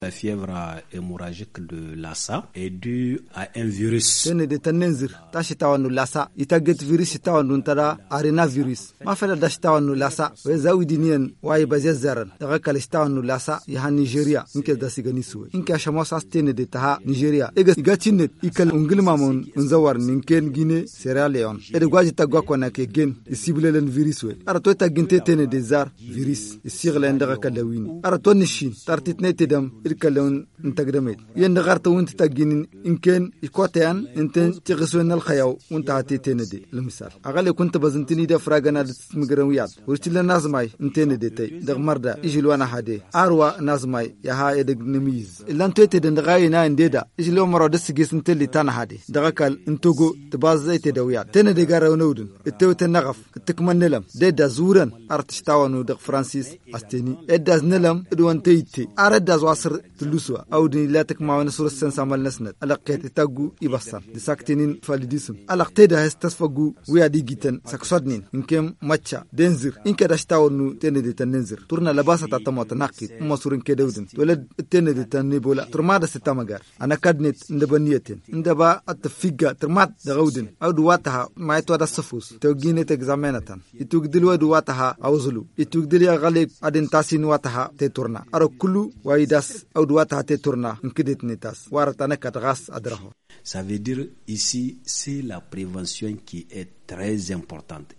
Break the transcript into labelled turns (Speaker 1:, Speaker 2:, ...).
Speaker 1: La fièvre hémorragique de Lassa est due à un virus. Tene de tanenzir tashi nu Lassa ita get virus tawanu tada arena virus. Ma fela dashi nu Lassa we zawidi nien wai bazia zaran. Daga kalish nu Lassa yaha Nigeria inke dasi gani suwe. Inke ashamo tene de taha Nigeria. Ega iga chinet ikal ungil mamun unzawar ninken Guinée Sierra Leone. Ede gwaji tagwa kona ke gen len virus we. Ara to ita tene de zar virus. Isirlen daga kalawini. Ara to nishin tartit ne tedam irkalawn intagdamid yendiqarta winta tagginin inken ikoteyan inten tiqiswen alkhayaw winta hatetenede lmisal aqale kunta bazintinida fraganad tmigiran wiyad wurtila nazmay intenedetay daqmarda ijilwana hade arwa nazmay yaha edeg namiyiz ilantoetede ndaqayina indeda ijilo maro dasigis intelitana hade daqakal intogo tibaziteda wiyad tenedegarawnaudin itewte naqaf itikmanelam deda zuran artishtawanu daq francis asteni edas nelam idwanteyite aredas edas tulusua awdinila tekmawana surassan samalnasnat alaqet itagu ibasan disaktinin falidism alaqteda hestas fagu wiadigitan saksodnin inkem macha denzir inke dashtawnu teneditan nenzir turna labasa tatamota naqit uma surin kedewdin welad teneditan nibola turmada sitamagar anakadnet ndabaniyatin ndaba atafiga turmat dagawdin awduwataha maitwada safus tewginet examenatan itugdilwaduwataha awzulu itugdilya galik adintasinwataha teturna aro kulu waidas Ça veut dire ici, c'est la prévention qui est très importante.